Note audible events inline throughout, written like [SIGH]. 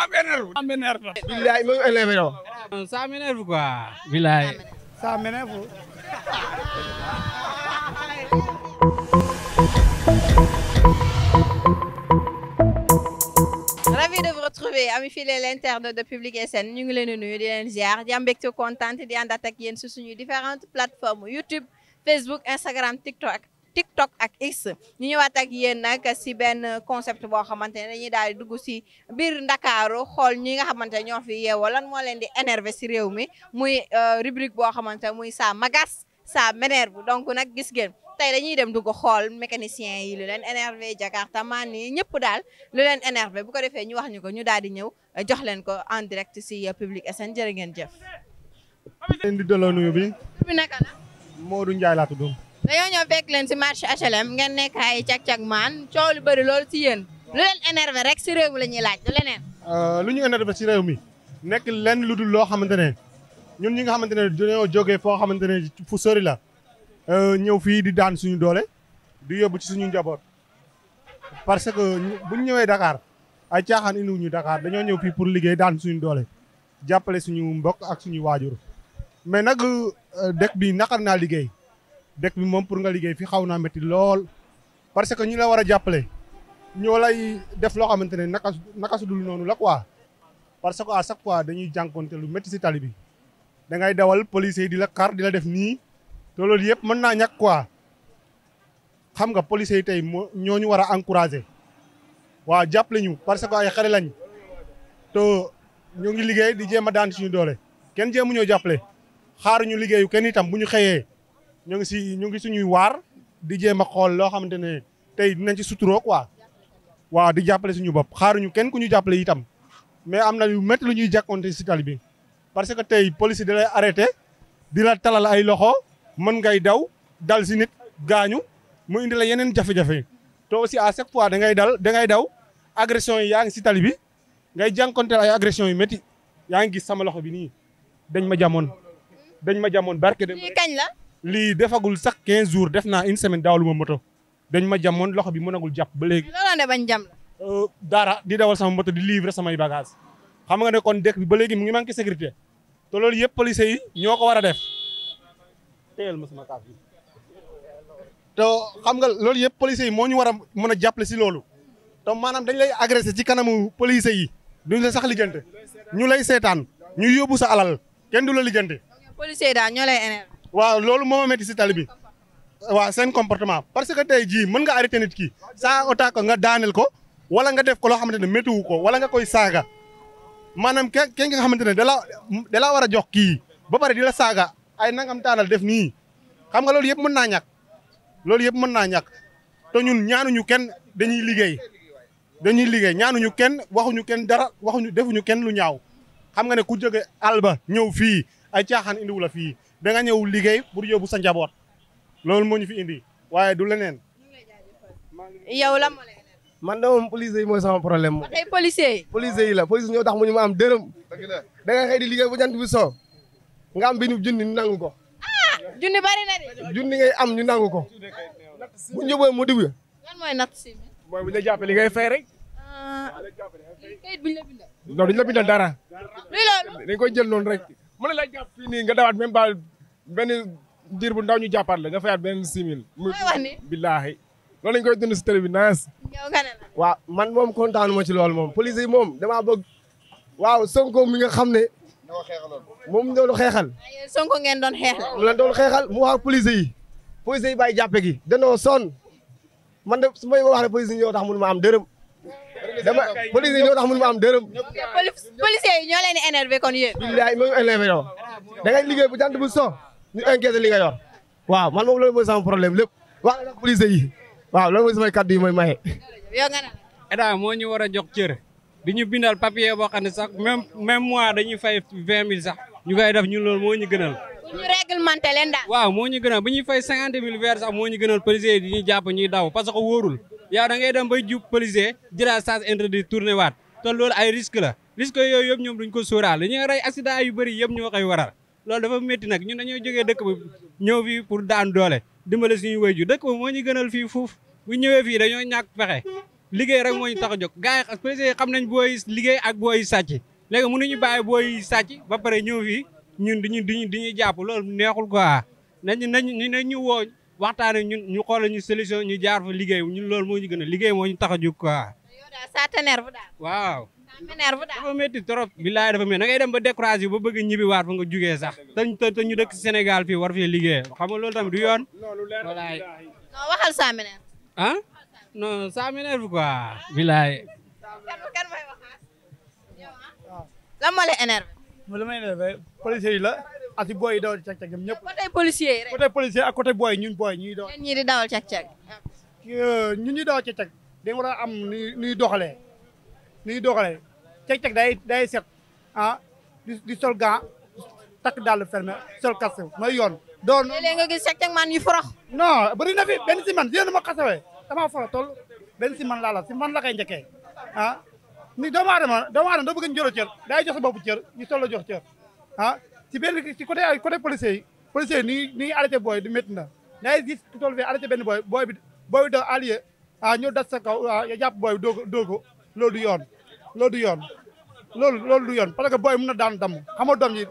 Ça m'énerve. Ça m'énerve. Billahi, même quoi non. Ça m'énerve quoi. Billahi. Ça m'énerve. ravi de vous retrouver amis fidèles l'interne de Public SN ñu ngi leen di nuyu di leen ziar di am di différentes plateformes YouTube Facebook Instagram TikTok. TikTok ak X ñu ñëwaat ak yéen nag si benn concept boo xamante ne dañuy daal di dugg si biir Ndakaaru xool ñi nga xamante ne ñoo fi yeewoo lan moo leen di énervé si réew mi muy euh, rubrique boo xamante ne muy ça m'agace ça m'énerve donc nag gis ngeen tey dañuy dem dugg xool mécanicien yi lu leen énervé Jakarta man yi ñëpp daal lu leen énervé bu ko defee ñu wax ñu ko ñu daal di ñëw euh, jox leen ko en direct si euh, Public SN jërë ngeen jëf. leen di delloo nuyu bi. Modou Ndiaye dañoo ñëw fekk leen si marché HLM ngeen nekk ay cag-cag maan coow lu bëri loolu si yéen lu leen énervé rek si réew mi la ñuy laaj du leneen. Euh, lu ñu énervé si réew mi nekk lenn lu dul loo xamante ne ñun ñi nga xamante ne dañoo jóge foo xamante ne fu sori la euh, ñëw fii di daan suñu doole di yóbbu ci suñu njaboot parce que bu ñu ñëwee Dakar ay caaxaan indiwuñu Dakar dañoo ñëw fii pour liggéey daan suñu doole jàppale suñu mbokk ak suñu waajur mais nag euh, dëkk bi naqar naa liggéey. dek bi mom pour nga liggéey fi xawna metti métti lool parce que ñu la wara a jàppale ñoo lay def lo xamantene naka naka su dul nonu la quoi parce que à chaque fois dañuy jankonté lu metti ci talibi da ngay dawal police yi di la kar di la def ni to loolu yépp mën na ñak quoi xam nga police yi tay moo ñooñu war a encouragé waaw ñu parce que ay xaré lañ to ñu ngi liggéey di jéem a ci ñu doole kenn ñoo xaar ñu liggéeyu kenn itam bu ñu ñu ngi si ñu ngi suñuy waar di jéem a xool loo xamante ne tey dinañ ci suturoo quoi waaw di jàppale suñu bopp xaaruñu kenn ku ñu jàppale itam mais am na yu métti lu ñuy jàkkoonte si tali bi parce que tey police da lay arrêté di la talal ay loxo mën ngay daw dal si nit gaañu mu indi la yeneen jafe-jafe te aussi à chaque fois da ngay dal da ngay daw agression yi yaa ngi si tali bi ngay jànkoonteel ay agression yu métti yaa ngi gis sama loxo bi nii dañ ma jamoon dañ ma jamoon barke. lii kañ la. li defagul sax 15 jours defna une semaine daawlu ma moto dañ ma jamone loxo bi monagul japp ba lo la ne bañ jam la. euh dara di dawal sama moto di livrer sama bagage xam nga ne kon dekk bi ba legi mu ngi manki sécurité to lol yëpp police yi ñoko wara def. teyel ma sama kaas bi te xam nga lol yëpp police yi moo ñu war a mën a jàppale si loolu dañ lay agresser ci kanamu police yi duñ la sax liggante ñu lay sétane ñu yobu sa alal kenn du la liggante. police yi da ñolay énerve waaw loolu moo ma métti si tali bi waaw seen comportement parce que tey jii mën nga arrêté nit ki saa otaa nga daaneel ko wala nga def ko loo xamante ne méttiwu ko wala nga koy saaga maanaam ke ke nga xamante ne dala dala war a jox kii ba pare di la saaga ay nangam taanal def nii xam nga loolu yëpp mën naa ñàkk loolu yëpp mën naa ñàkk te ñun ñaanuñu kenn dañuy liggéey dañuy liggéey ñaanuñu kenn waxuñu kenn dara waxuñu defuñu kenn lu ñaaw xam nga ne ku jóge àll ñëw fii ay caaxaan indiwu la fii da nga ñëw liggéey pour yóbbu sa njaboot loolu moo ñu fi indi waaye du leneen. yow la moo leen. man de moom policier yi mooy sama problème moom. tey policier la policier ñoo tax mu ñu ma am dërëm. da nga xëy liggéey bu jant bi so nga am benn junni ñu nangu ko. Ah, junni bari na junni ngay am ñu nangu ko. bu ñu yóbboo mu dugg. lan mooy natt si. mooy bu ñu la jàppee li ngay fay rek. Ah, kayit bu la bindal. non du ñu la bindal dara. jël noonu rek. mën na laa jàpp fii nga dawaat même ba benn diir bu ndaw ñu jàppaat la nga fayaat benn six mille. muy wax billaahi loolu lañ koy dund si télé bi naas. waaw man moom kontaan ma ci lool moom police yi moom damaa bëgg. waaw Sonko mi nga xam ne. moom doon xeexal. Sonko ngeen doon xeexal. la doon xeexal mu wax police yi. police yi bàyyi jàppe gi. danoo sonn man da su may wax rek police yi ñëw tax mënu ma am dërëm. dama police yi ñoo am dërëm. policiers yi ñoo leen di énervé kon yéen. billaay moom énervé yow da ngay bu jant bu so ñu inquiété li nga yor waaw man moom loolu mooy sama problème lépp wax la yi waaw loolu mooy samay kaddu yi mooy maye. yow moo ñu war a jox cër di ñu bindal papier boo xam ne sax même même mois dañuy fay vingt mille sax ñu koy def ñu loolu moo ñu gënal. ñu waaw moo ñu gënal bu ñuy fay cinquante mille weer sax moo ñu gënal policier yi ñuy jàpp ñuy daw parce que wóorul yow da ngay dem bay jub policier jëlaat sens interdit tourné waat te loolu ay risque la risque yooyu yëpp ñoom duñ ko sooraal li ñuy rey accident yu bëri yëpp ñoo koy waral loolu dafa métti nag ñun dañoo jógee dëkk bi ñëw fii pour daan doole dimbale suñu wayju dëkk bi moo ñu gënal fii fuuf bu ñëwee fii dañoo ñàkk pexe liggéey rek moo ñu tax jog jóg gars xam nañ booy liggéey ak booy sàcc léegi mënuñu bàyyi booy sàcc ba pare ñëw fii ñun diñu diñu diñuy jàpp loolu neexul quoi nañu nañu nañ ñu woo waxtaane ñun ñu xoolal ñu solution ñu jaar fa liggéey ñun loolu moo ñu gën a liggéey moo ñu tax a jóg quoi waaw dafa métti trop billaay dafa métti da ngay dem ba découragé ba bëgg ñibbi waat fa nga jugee sax te te ñu dëkk Sénégal fii war fee liggéey xam nga loolu tamit di yoon walaay non waxal saa mi neer ah non saa mi lu ma defee policier yi la a si booy yi dawal cag cag ñoom ñëpp. côté policier yi rek côté policier booy ñun booy ñuy dawal. ñi di dawal cag cag. Euh, ñun ñuy dawal cag cag a am nuy nuy doxalee nuy doxalee cag cag day day set ah, di di sol gant takk dàll fermé sol casque mooy yoon. doon léeg-léeg nga gis cag cag man yu forox. non bëri na fi benn si man yéen a ma xasawee damaa forox toll benn si man laa la si man la koy njëkkee ah, ni doomu aadama doomu aadama doo bëgg ñu jëloo cër daay jox sa bopp cër ñu soog la jox cër ah ci benn ci côté côté policier yi policier yi ni ni ngi arrêté booy di métti na daay gis ku toll fee arrêté benn booy booy bi booy bi da allié ah ñëw dat sa kaw ah, ya jàpp booy bi doogo doogo loolu du yoon loolu du yoon loolu loolu du yoon parce que booy mën na daan damm xam nga doom yi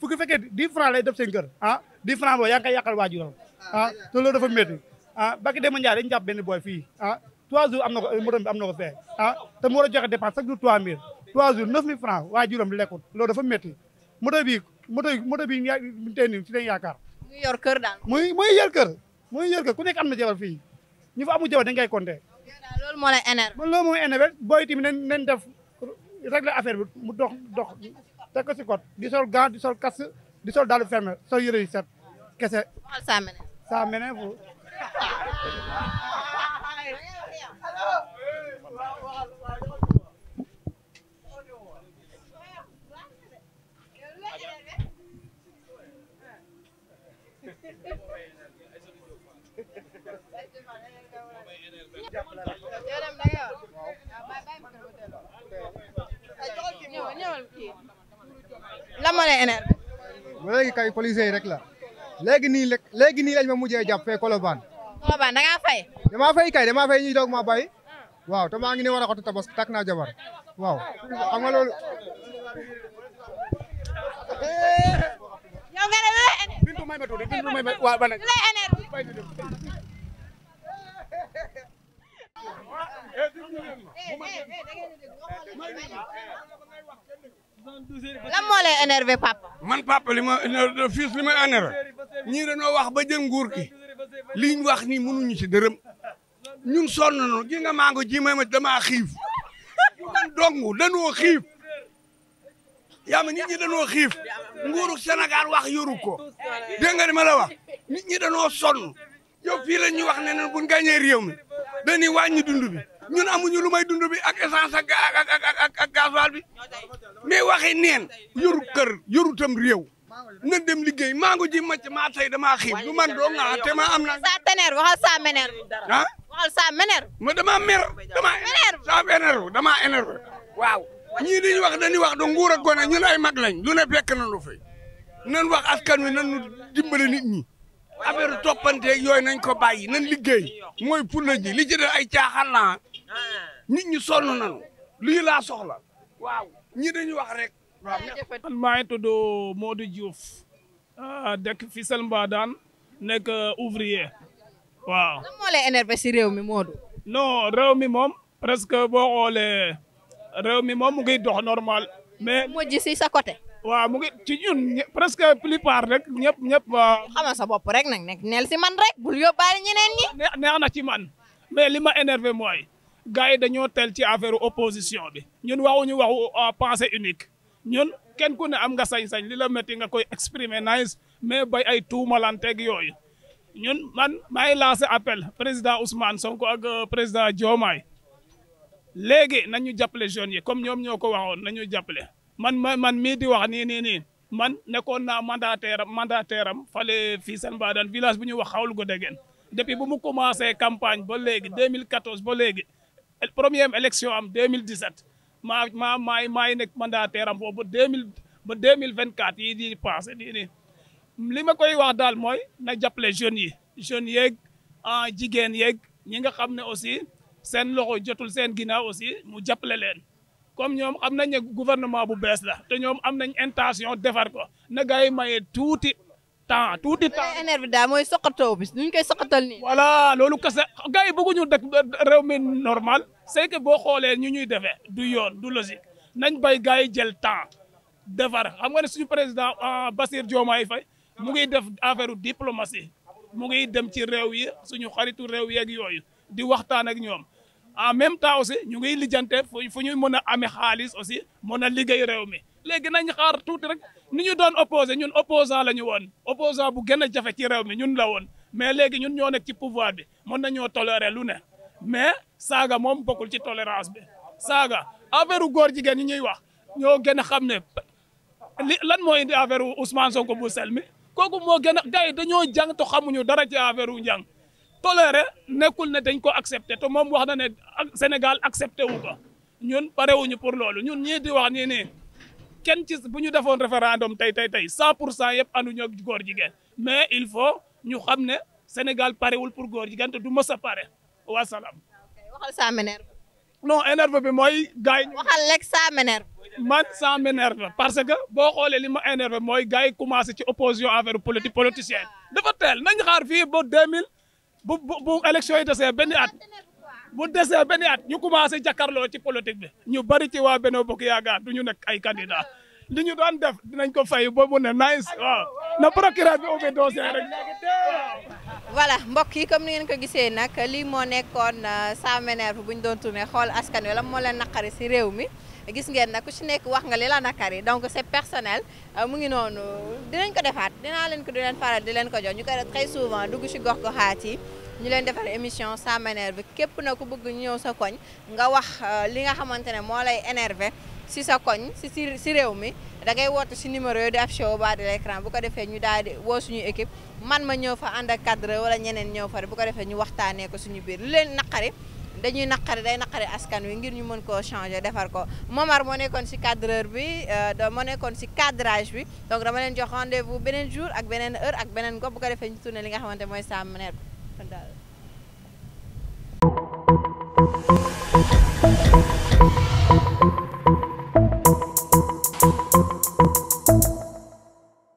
fukki fekkee dix franc lay def seen kër ah dix franc boo yaa ngi koy yàqal waajuram ah te loolu dafa métti ah bakki dema ndiay dañu jàpp benn booy fii ah trois jours am na ko eh, moto bi am na ko fee ah te mu war a joxe dépense chaque jour trois mille trois lekkut loolu dafa métti moto bi moto bi moto bi ñu tey ci leen yaakaar muy yor kër daal muy muy ku nekk am na jabar fii ñu fa amu jabar dañ koy compter loolu moo lay énervé loolu mooy énervé booy tamit nañ nañ def régler affaire bi mu dox dox teg si kot di sol gant di sol kas di sol daal fermé sol yëre yu set kese saa mene [LAUGHS] lan moo lay énervé. léegi kay policier rek la léegi nii léegi nii lañ ma mujjee jàpp fee Colobane. Colobane da fay. dama fay kay dama fay ñuy dog ma bay waaw te ngi ni wara ko tabas tak na jabar waaw xam nga lolu yow bintu may ma bintu may wa ban lay ene lay énervé papa man papa li ma fils li ma énervé ñii dañoo wax ba jël nguur ki liñ wax ni ci ñun sol nañu gi nga mango ji may ma damaa xiif man dong dañoo xiif yaa ma nit ñi dañoo xiif nguuru Sénégal wax yoru ko dégg nga ni ma la wax nit ñi dañoo sonn yow fii la ñuy wax ne ne buñ gàñee réew mi dañuy wàññi dund bi ñun amuñu lu may dund bi ak essence ak ak ak ak gasoil bi mais waxi neen yoru kër yoru tam réew na dem liggéey mango ji macc maa tey damaa xiif du man doo nga ah, te ma am na sa teneer waxal sa mener ah waxal sa mener ma dama mer dama énerve sa énerve dama énerve waaw ñii dañuy wax dañuy wax du nguur ak gone ñun ay mag lañ lu ne fekk nañu fi nan wax askan wi nan nu dimbale nit ñi affaire toppanteeg yooyu nañ ko bàyyi nan liggéey mooy fulla yi li ci def ay caaxaan la nit ñi sonn nañu lii laa soxla waaw ñii dañuy wax rek man maa ngi tudd uh, Modou Diouf ah, dëkk fii Sel Mbadaan nekk uh, ouvrier waaw. lan moo lay si réew mi Modou. non réew mi moom presque boo xoolee réew mi moom mu ngi dox normal. mais mujj si sa côté. waaw mu ngi ci ñun presque plupart rek ñëpp ñëpp. xamal sa bopp rek nag nekk neel si man rek bul yóbbaale ñeneen ñi. neex na ci man mais li ma énervé mooy. gars yi dañoo tel ci affaire opposition bi ñun waxuñu waxu uh, pensée unique. ñun kenn ku ne am nga sañ-sañ li la métti nga koy exprimer nice mais bay ay tuumalanteeg yooyu ñun man maay lancé appel président Ousmane Sonko ak euh, président Diomaye léegi nañu jàppale jeunes yi comme ñoom ñoo ko waxoon nañu jàppale man ma man midi wax nii nii man nekkoon naa mandataire am mandataire am fale fii Sane Badane village bu ñu wax xawlu ko dégeen depuis bu mu commencé campagne ba léegi deux 2014 ba léegi première élection am 2017 maa maa maay maa ngi nekk mandataire am foofu ba deux mille ba deux mille vingt quatre yii di passé nii nii li ma koy wax daal mooy na jàppale jeunes yi jeunes yeeg ah, jigéen yeeg ñi nga xam ne aussi seen loxo jotul seen ginnaaw aussi mu jàppale leen comme ñoom am nañ ne gouvernement bu bees la te ñoom am nañ intention defar ko na gars yi maye tuuti temps tuuti temps. énerve daal mooy soqatoo bi nuñ koy soqatal nii. voilà loolu kese gars yi bëgguñu dëkk réew mi normal. c'est que boo xoolee ñu ñuy defee du yoon du logique nañ bay gars yi jël temps defar xam nga ne suñu président euh, Bassirou Diomaye fay mu ngi def affaire diplomatie mu ngi dem ci réew yi suñu xaritu réew yeeg yooyu di waxtaan ak ñoom en même temps aussi ñu ngi lijjante fu ñu mën a amee xaalis aussi mën a liggéey réew mi léegi nañ xaar tuuti rek nu ñu doon opposé ñun opposant la ñu woon opposant bu gën a jafe ci réew mi ñun la woon mais léegi ñun ñoo nekk ci pouvoir bi mën nañoo toléré lu ne mais saga mom bokul ci tolérance bi saga affaire góor jigéen ñi ñuy wax ñoo gën xamné lan moy indi affaire Ousmane Sonko bu selmi koku mo gën a gars yi dañoo jàng to xamuñu dara ci affaire jang toléré nekul né dañ ko accepter to mom wax na né Sénégal accepter wu ko ñun paré wuñu pour lolu ñun ñi di wax nii né kenn ci buñu ñu référendum tay tay tay 100% yépp anu yëpp ànduñoo góor mais il faut ñu xamné Sénégal paré parewul pour góor jigéen te du mës paré wasalaam. waxal ça m'énerve. non énerve bi mooy. gars yi waxal rek ça m'énerve. man ça m'énerve parce que boo xoolee li ma énerve mooy gars yi commencé ci opposition affaire politique politicienne. dafa teel nañ xaar fii mille bu bu bu élection yi desee benn at. bu desee benn at ñu commencé jàkkaarloo ci politique bi. ñu bari ci waa Benno Bokk Yaakaar du ñu nekk ay candidat li ñu daan def dinañ ko fay ba mu ne nice waaw na procureur bi ubbi dossier rek waaw. voilà mbokk yi comme ni ngeen ko gisee nag lii moo nekkoon euh, ça m'énerve bu ñu doon tourné xool askan wi la moo leen naqari si réew mi gis ngeen nag ku si nekk wax nga li la naqari donc c'est personnel euh, mu ngi noonu dinañ ko defaat dinaa leen ko di leen faral di leen ko jox ñu koy def très souvent dugg si gox goxaat yi ñu leen defar émission ça m'énerve képp na ku bëgg ñu ñëw sa koñ nga wax euh, li nga xamante ne moo lay énervé si sa koñ si si si réew mi da ngay woote si numéro yooyu di affiché au bas de bu ko defee ñu daal di woo suñu équipe man ma ñëw fa ànd ak cadre wala ñeneen ñëw fa bu ko defee ñu waxtaanee ko suñu biir lu leen naqari dañuy naqari day naqari askan wi ngir ñu mën koo changer defar ko Momar moo nekkoon si cadreur bi euh, moo nekkoon si cadrage bi donc dama leen jox rendez beneen jour ak beneen heure ak beneen gox bu ko defee ñu tourné li nga xamante mooy saam Sam Notaire